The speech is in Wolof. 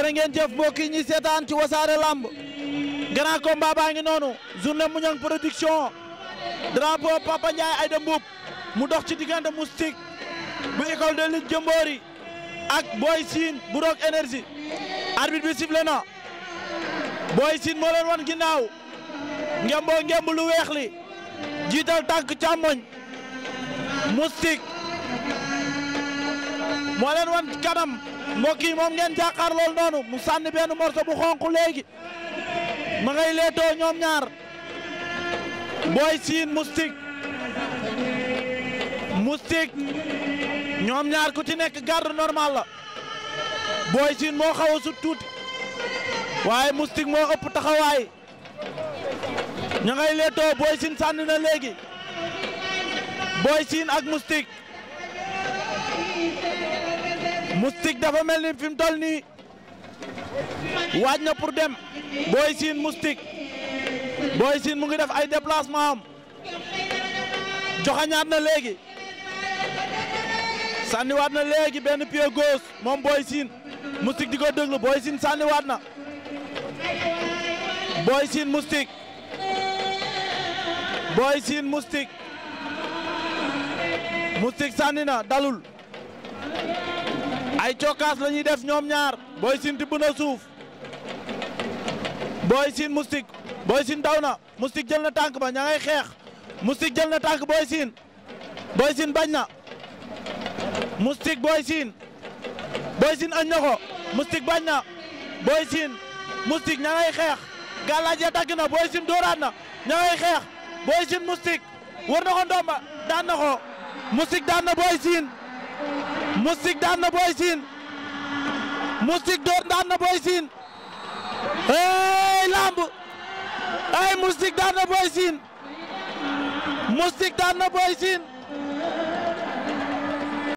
jërë ngeen jëf mbokk yi ñi seetaan ci wasaare lamb grand combat ngi noonu journée Mouniang production drapeau Papa Ndiaye Aïda Mboup mu dox ci diggante Moustique bu école de lutte Jëmboori ak Boy Sine bu Rock énergie arbitre bi sifflé na Boy Sine moo leen wan ginnaaw ngemboo ngemb lu weex jiital tànk càmmoñ Moustique mooleen leen wan kanam mbokk yi moom ngeen jàkkaar lool noonu mu sànni benn morso bu xonq léegi ma ngay leetoo ñoom ñaar booy siin moustique moustique ñoom ñaar ku ci nekk garde normal la booy siin moo xaw a tuuti waaye moustique moo ëpp taxawaay ña ngay leetoo booy siin sànni na léegi booy siin ak moustique Moustique dafa mel ni fi mu toll nii waaj na pour dem Boy siin Moustique Boy Sine mu ngi def ay déplacement am joxañaat na léegi sànniwaat na léegi benn pied gauche moom Boy Sine Moustique di ko déglu Boy sànniwaat na Boy Sine Moustique Boy Sine Moustique Moustique sànni na dalul ay cokkaas lañuy ñuy def ñoom ñaar booy Sine tibb na suuf Boy Sine Moustique Boy Sine daw na Moustique jël na tànk ba ña xeex Moustique jël na tànk Boy Sine Boy Sine bañ na Moustique Boy Sine Boy Sine añ na ko Moustique bañ na Boy Sine Moustique ña xeex gàllaaj ya dagg na Boy Sine dóoraat na ña xeex Boy Sine Moustique war na ko ndomba daan na ko Moustique daan na Boy Sine Moustique daan na Boy Sine Moustique doon daan na Boy Sine hey lamb ay Moustique daan na Boy Sine Moustique daan na Boy Sine